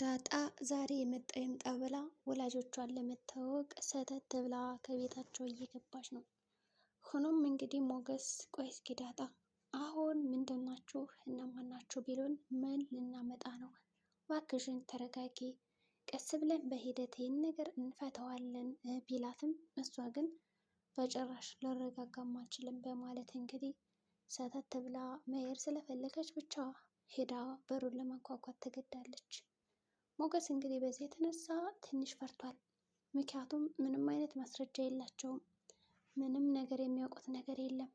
ዳጣ ዛሬ የመጣ ይምጣ ብላ ወላጆቿን ለመታወቅ ሰተት ብላ ከቤታቸው እየገባች ነው። ሆኖም እንግዲህ ሞገስ ቆይ እስኪ ዳጣ አሁን ምንድን ናችሁ እነማን ናችሁ ቢሉን ምን ልናመጣ ነው? እባክሽን ተረጋጊ፣ ቀስ ብለን በሂደት ይህን ነገር እንፈተዋለን ቢላትም እሷ ግን በጭራሽ ልረጋጋም አልችልም በማለት እንግዲህ ሰተት ብላ መሄድ ስለፈለገች ብቻ ሄዳ በሩን ለማንኳኳት ተገዳለች። ሞገስ እንግዲህ በዚህ የተነሳ ትንሽ ፈርቷል። ምክንያቱም ምንም አይነት ማስረጃ የላቸውም። ምንም ነገር የሚያውቁት ነገር የለም።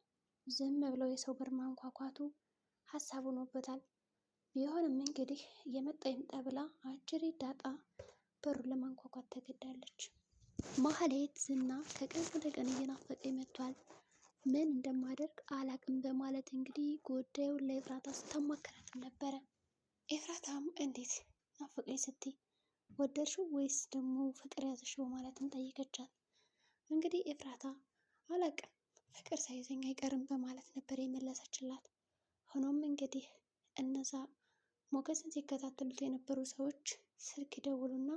ዝም ብለው የሰው በር ማንኳኳቱ ሀሳብ ሆኖበታል። ቢሆንም እንግዲህ የመጣ ይምጣ ብላ አጭር ዳጣ በሩን ለማንኳኳት ተገዳለች። ማህሌት ዝና ከቀን ወደ ቀን እየናፈቀ መጥቷል። ምን እንደማደርግ አላቅም በማለት እንግዲህ ጉዳዩን ለኤፍራታ ስታማከራትም ነበረ። ኤፍራታም እንዴት ናፈቀኝ ስትይ ወደድሽው ወይስ ደግሞ ፍቅር ያዘሽው ማለት ጠይቀቻት። እንግዲህ ኤፍራታ አላቅም ፍቅር ሳይዘኝ አይቀርም በማለት ነበር የመለሰችላት። ሆኖም እንግዲህ እነዛ ሞገስን ሲከታተሉት የነበሩ ሰዎች ስልክ ደውሉና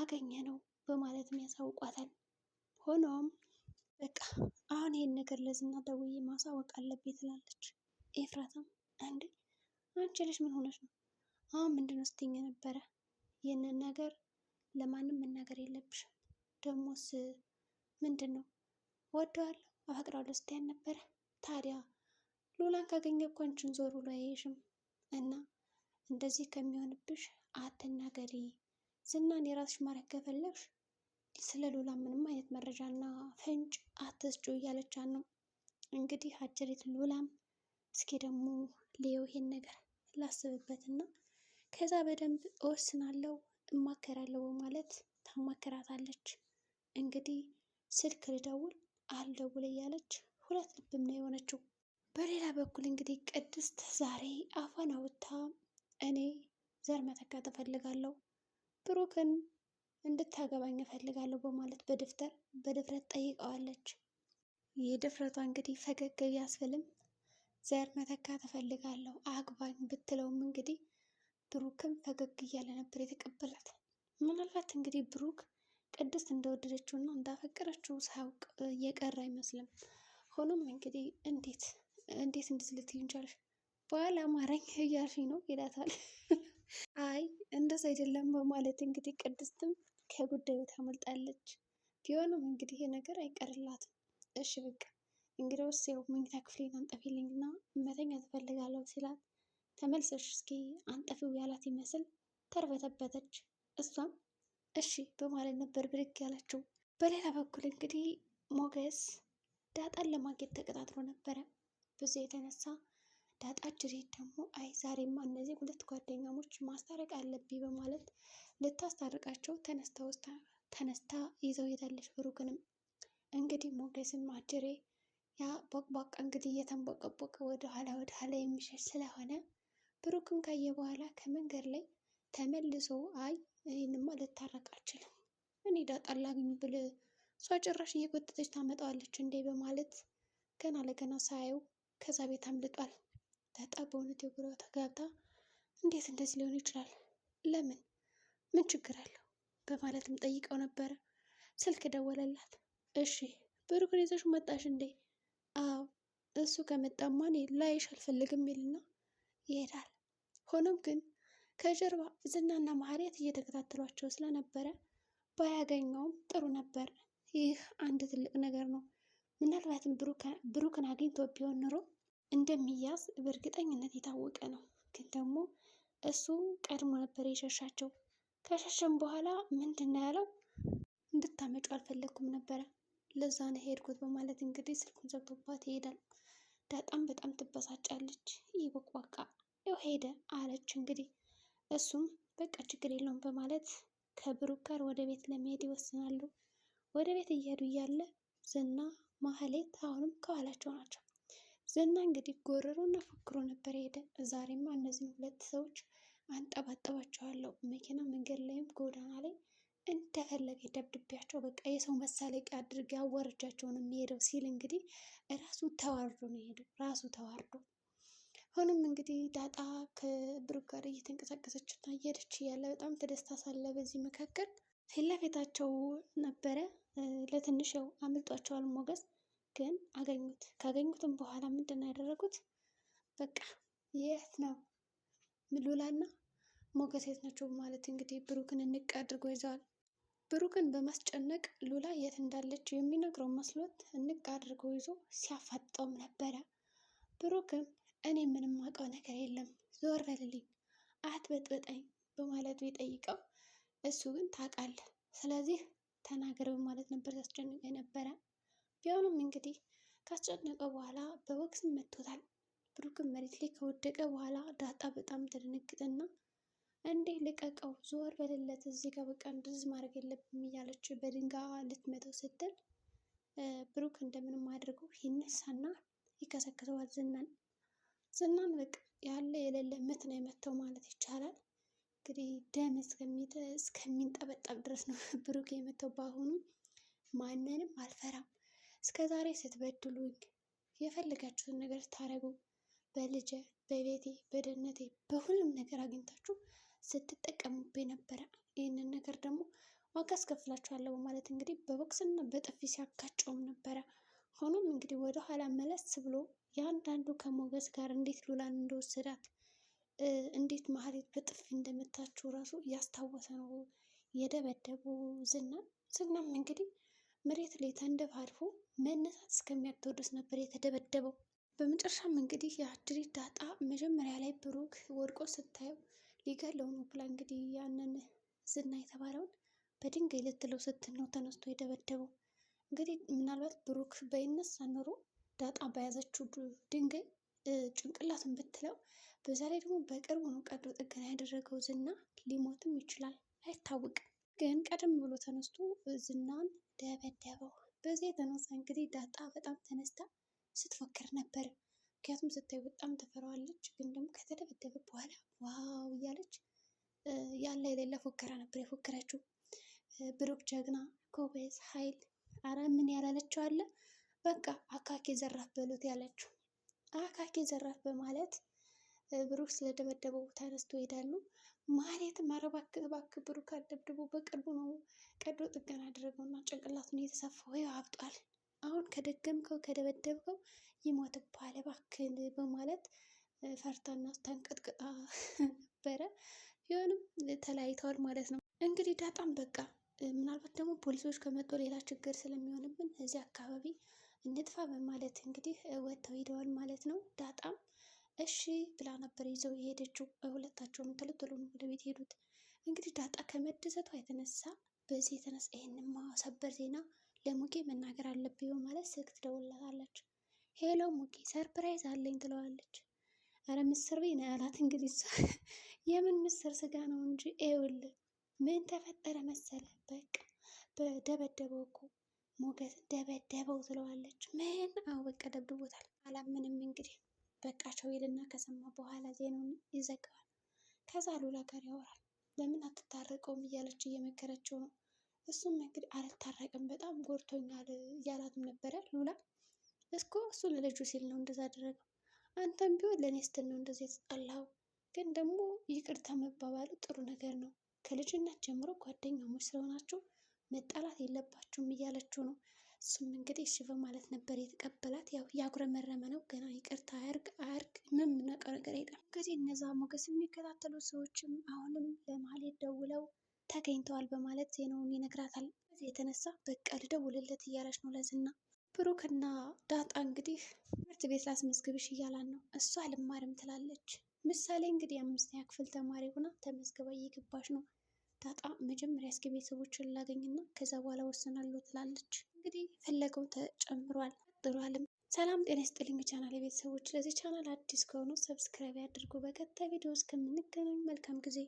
አገኘ ነው በማለትም ያሳውቋታል። ሆኖም በቃ አሁን ይሄን ነገር ለዝና ደውዬ ማሳወቅ አለብኝ ትላለች። ኤፍራታም እንዴ አንቺ ልጅ ምን ሆነች ነው አሁን ምንድን ነው ስትይኝ ነበረ? ይህንን ነገር ለማንም መናገር የለብሽም። ደግሞስ ምንድን ነው ወደዋለሁ፣ አፈቅረዋለሁ ስትያት ነበረ። ታዲያ ሉላን ካገኘ እኮ አንቺን ዞር ብሎ አያይሽም እና እንደዚህ ከሚሆንብሽ አትናገሪ። ዝናን የራስሽ ማድረግ ከፈለግሽ ስለ ሉላ ምንም አይነት መረጃና ፍንጭ አትስጩ እያለቻት ነው። እንግዲህ አጀሬት ሉላም እስኪ ደግሞ ልየው ይሄን ነገር ላስብበትና ከዛ በደንብ እወስናለሁ እማከራለሁ በማለት ታማከራታለች። እንግዲህ ስልክ ልደውል አልደውል እያለች ሁለት ልብም ነው የሆነችው። በሌላ በኩል እንግዲህ ቅድስት ዛሬ አፏን አውጥታ እኔ ዘር መተካት እፈልጋለሁ፣ ብሩክን እንድታገባኝ እፈልጋለሁ በማለት በድፍተር በድፍረት ጠይቀዋለች። የድፍረቷ እንግዲህ ፈገግ ቢያስብልም ዘር መተካት እፈልጋለሁ አግባኝ ብትለውም እንግዲህ ብሩክም ፈገግ እያለ ነበር የተቀበላት። ምናልባት እንግዲህ ብሩክ ቅድስት እንደወደደችው እና እንዳፈቀረችው ሳያውቅ የቀረ አይመስልም። ሆኖም እንግዲህ እንዴት እንዴት እንደዚህ ልትይኝ ቻልሽ? በኋላ አማረኝ እያልሽኝ ነው ይላታል። አይ እንደዛ አይደለም በማለት እንግዲህ ቅድስትም ከጉዳዩ ታመልጣለች። ቢሆንም እንግዲህ ይሄ ነገር አይቀርላትም። እሺ በቃ እንግዲህ ውስ ያው መኝታ ክፍሌን አንጠፊልኝ እና መተኛ ትፈልጋለሁ ሲላት ተመልሰሽ እስኪ አንጠፊው ያላት ይመስል ተርበተበተች። እሷም እሺ በማለት ነበር ብድግ ያለችው። በሌላ በኩል እንግዲህ ሞገስ ዳጣን ለማግኘት ተቀጣጥሮ ነበረ። ብዙ የተነሳ ዳጣ ጅሬት ደግሞ አይ ዛሬማ እነዚህ ሁለት ጓደኛሞች ማስታረቅ አለብኝ በማለት ልታስታርቃቸው ተነስታ ውስጥ ተነስታ ይዘው ሄዳለች። ብሩክንም እንግዲህ ሞገስም አጅሬ ያ ቦቅቧቃ እንግዲህ እየተንቦቀቦቀ ወደ ኋላ ወደ ኋላ የሚሸሽ ስለሆነ ብሩክን ካየ በኋላ ከመንገድ ላይ ተመልሶ አይ እኔንማ ልታረቅ አልችልም፣ እኔ ዳጣን ላግኝ ብል እሷ ጭራሽ እየጎተተች ታመጣዋለች እንዴ በማለት ገና ለገና ሳየው ከዛ ቤት አምልጧል። ዳጣ በእውነት የጉራ ተጋብታ እንዴት እንደዚህ ሊሆን ይችላል? ለምን? ምን ችግር አለው? በማለትም ጠይቀው ነበረ። ስልክ ደወለላት። እሺ ብሩክን ይዘሽ መጣሽ እንዴ? አዎ እሱ ከመጣማ እኔ ላይሽ አልፈልግም ይልና ይሄዳል። ሆኖም ግን ከጀርባ ዝናና ማህሌት እየተከታተሏቸው ስለነበረ ባያገኘውም ጥሩ ነበር። ይህ አንድ ትልቅ ነገር ነው። ምናልባትም ብሩክን አግኝቶ ቢሆን ኖሮ እንደሚያዝ በእርግጠኝነት የታወቀ ነው። ግን ደግሞ እሱ ቀድሞ ነበር የሸሻቸው። ከሸሸም በኋላ ምንድን ነው ያለው? እንድታመጩ አልፈለግኩም ነበረ ለዛ ነው ሄድኩት በማለት እንግዲህ ስልኩን ዘግቶባት ይሄዳል። ዳጣም በጣም ትበሳጫለች። ይህ በቋቃ ሄደ አለች። እንግዲህ እሱም በቃ ችግር የለውም በማለት ከብሩክ ጋር ወደ ቤት ለመሄድ ይወስናሉ። ወደ ቤት እየሄዱ እያለ ዝና ማህሌት አሁንም ከኋላቸው ናቸው። ዝና እንግዲህ ጎረሮ እና ፎክሮ ነበር የሄደ። ዛሬማ እነዚህን ሁለት ሰዎች አንጠባጠባቸዋለሁ። መኪና መንገድ ላይም ጎዳና ላይ እንደፈለገ ደብድቤያቸው በቃ የሰው መሳለቂያ አድርጌ አዋርጃቸው ነው የሚሄደው ሲል እንግዲህ ራሱ ተዋርዶ ነው የሄደው ራሱ ተዋርዶ አሁንም እንግዲህ ዳጣ ከብሩክ ጋር እየተንቀሳቀሰች እና እየሄደች እያለ በጣም ተደስታ ሳለ በዚህ መካከል ፊት ለፊታቸው ነበረ። ለትንሽ ያው አምልጧቸዋል። ሞገስ ግን አገኙት። ካገኙትም በኋላ ምንድን ነው ያደረጉት? በቃ የት ነው ምሉላና ሞገስ የት ናቸው ማለት እንግዲህ ብሩክን እንቅ አድርጎ ይዘዋል። ብሩክን በማስጨነቅ ሉላ የት እንዳለች የሚነግረው መስሎት እንቅ አድርጎ ይዞ ሲያፋጠውም ነበረ ብሩክም እኔ ምንም አውቀው ነገር የለም ዞር በልልኝ፣ አትበጥብጠኝ በማለት ቢጠይቀው እሱ ግን ታውቃለህ፣ ስለዚህ ተናገር በማለት ነበር ሲያስጨንቀው የነበረ። ቢሆንም እንግዲህ ካስጨነቀው በኋላ በቦክስም መቶታል። ብሩክም መሬት ላይ ከወደቀ በኋላ ዳጣ በጣም ተደነግጠና እንዴ ልቀቀው፣ ዞር በልለት፣ እዚህ ጋር በቃ እንደዚህ ማድረግ የለብም እያለችው በድንጋይ ልትመተው ስትል ብሩክ እንደምንም አድርጎ ይነሳና ይከሰክሰዋል ዝናን። ዝናን በቃ ያለ የሌለ ምት ነው ማለት ይቻላል። እንግዲህ ደም እስከሚንጠበጠብ ድረስ ነው ብሩክ የመተው በአሁኑ ማንንም አልፈራም። እስከ ዛሬ ስትበድሉኝ የፈለጋችሁትን ነገር ስታደርጉ በልጄ፣ በቤቴ፣ በደህንነቴ በሁሉም ነገር አግኝታችሁ ስትጠቀሙብ ነበረ ይህንን ነገር ደግሞ ዋጋ አስከፍላችኋለሁ በማለት እንግዲህ በቦክስና በጥፊ ሲያጋጨውም ነበረ። ሆኖም እንግዲህ ወደኋላ መለስ ብሎ የአንዳንዱ ከሞገስ ጋር እንዴት ሉላን እንደወሰዳት እንዴት ማህሌት በጥፊ እንደመታችው ራሱ እያስታወሰ ነው የደበደቡ ዝና። ዝናም እንግዲህ መሬት ላይ ተንደፋድፎ መነሳት እስከሚያቅተው ድረስ ነበር የተደበደበው። በመጨረሻም እንግዲህ የአድሪ ዳጣ መጀመሪያ ላይ ብሩክ ወድቆ ስታየው ሊገለው ነው ብላ እንግዲህ ያንን ዝና የተባለውን በድንጋይ ልትለው ስትል ነው ተነስቶ የደበደበው። እንግዲህ ምናልባት ብሩክ በይነሳ ኖሮ ዳጣ በያዘችው ድንጋይ ጭንቅላቱን ብትለው፣ በዛ ላይ ደግሞ በቅርቡ ነው ቀዶ ጥገና ያደረገው ዝና ሊሞትም ይችላል አይታወቅም። ግን ቀደም ብሎ ተነስቶ ዝናን ደበደበው። በዚህ የተነሳ እንግዲህ ዳጣ በጣም ተነስታ ስትፎክር ነበር። ምክንያቱም ስታይ በጣም ተፈራዋለች። ግን ደግሞ ከተደበደበ በኋላ ዋው እያለች ያለ የሌለ ፎከራ ነበር የፎከረችው። ብሩክ ጀግና፣ ጎበዝ፣ ኃይል አረ ምን ያላለችው አለ በቃ አካኬ ዘራፍ በሉት ያለችው። አካኬ ዘራፍ በማለት ብሩክ ስለደበደበው ተነስቶ ይሄዳሉ። ማለት ማረባክ ባክ ብሩክ በቅርቡ ነው ቀዶ ጥገና አደረገው እና ጭንቅላቱን የተሰፋው ይኸው አብጧል። አሁን ከደገምከው ከደበደብከው ይሞትብሃል እባክህን በማለት ፈርታና ተንቀጥቅጣ ነበረ። ቢሆንም ተለያይተዋል ማለት ነው። እንግዲህ ዳጣም በቃ ምናልባት ደግሞ ፖሊሶች ከመጡ ሌላ ችግር ስለሚሆንብን እዚህ አካባቢ እንጥፋ በማለት እንግዲህ ወጥተው ሄደዋል ማለት ነው። ዳጣም እሺ ብላ ነበር ይዘው የሄደችው ሁለታቸውም ቶሎ ወደ ቤት ሄዱት። እንግዲህ ዳጣ ከመደሰቷ የተነሳ በዚህ የተነሳ ይህንን ሰበር ዜና ለሙጌ መናገር አለብኝ ማለት ስልክ ትደውልላታለች። ሄሎ ሙጌ ሰርፕራይዝ አለኝ ትለዋለች። አረ ምስር ነው ያላት እንግዲህ እሷ የምን ምስር ስጋ ነው እንጂ ኤውል ምን ተፈጠረ መሰለ በቃ በደበደበው እኮ ሞገስ ደበደበው ትለዋለች። ምን? አዎ በቃ ደብድቦታል። አላምንም እንግዲህ በቃቸው ይልና ከሰማ በኋላ ዜናውን ይዘጋዋል። ከዛ ሉላ ጋር ያወራል። ለምን አትታረቀውም እያለች እየመከረችው ነው። እሱም እንግዲህ አልታረቅም በጣም ጎድቶኛል እያላትም ነበረ ሉላ እስኮ እሱ ለልጁ ሲል ነው እንደዛ አደረገው። አንተም ቢሆን ለእኔ ስትል ነው እንደዚህ የተጠላው። ግን ደግሞ ይቅርታ መባባሉ ጥሩ ነገር ነው። ከልጅነት ጀምሮ ጓደኛሞች ስለሆናችሁ መጣላት የለባችሁም እያለችው ነው። እሱም እንግዲህ እሺ በማለት ነበር የተቀበላት። ያው ያጉረመረመ ነው ገና ይቅርታ አያርግ አያርግ ምንም ነቀር ነገር የለም። ከዚህ እነዛ ሞገስ የሚከታተሉ ሰዎችም አሁንም ለማህሌት ደውለው ተገኝተዋል በማለት ዜናውን ይነግራታል። ከዚህ የተነሳ በቃ ልደውልለት እያለች ነው ለዝና ብሩክና ዳጣ እንግዲህ ትምህርት ቤት ላስመዝግብሽ እያላን ነው። እሷ አልማርም ትላለች። ምሳሌ እንግዲህ አምስተኛ ክፍል ተማሪ ሆና ተመዝግባ እየገባች ነው። ዳጣ መጀመሪያ እስኪ ቤተሰቦችን ላገኝና ከዛ በኋላ ወሰናለሁ ትላለች። እንግዲህ ፈለገው ተጨምሯል ጥሏልም። ሰላም ጤና ይስጥልኝ ቻናል የቤተሰቦች፣ ለዚህ ቻናል አዲስ ከሆኑ ሰብስክራይብ ያድርጉ። በቀጣይ ቪዲዮ እስከምንገናኝ መልካም ጊዜ